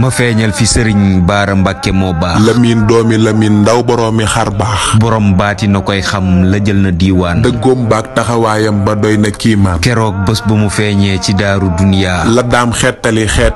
ma feeñal fi sëriñ baara mbàkke moo baax lamin doomi lamin ndaw boroomi xar baax borom baati na koy xam la jël na diiwaan dëggoom baak taxawaayam ba doy na kiimaan keroog bés bu mu feeñee ci daaru duniyaa la daam xettali xeet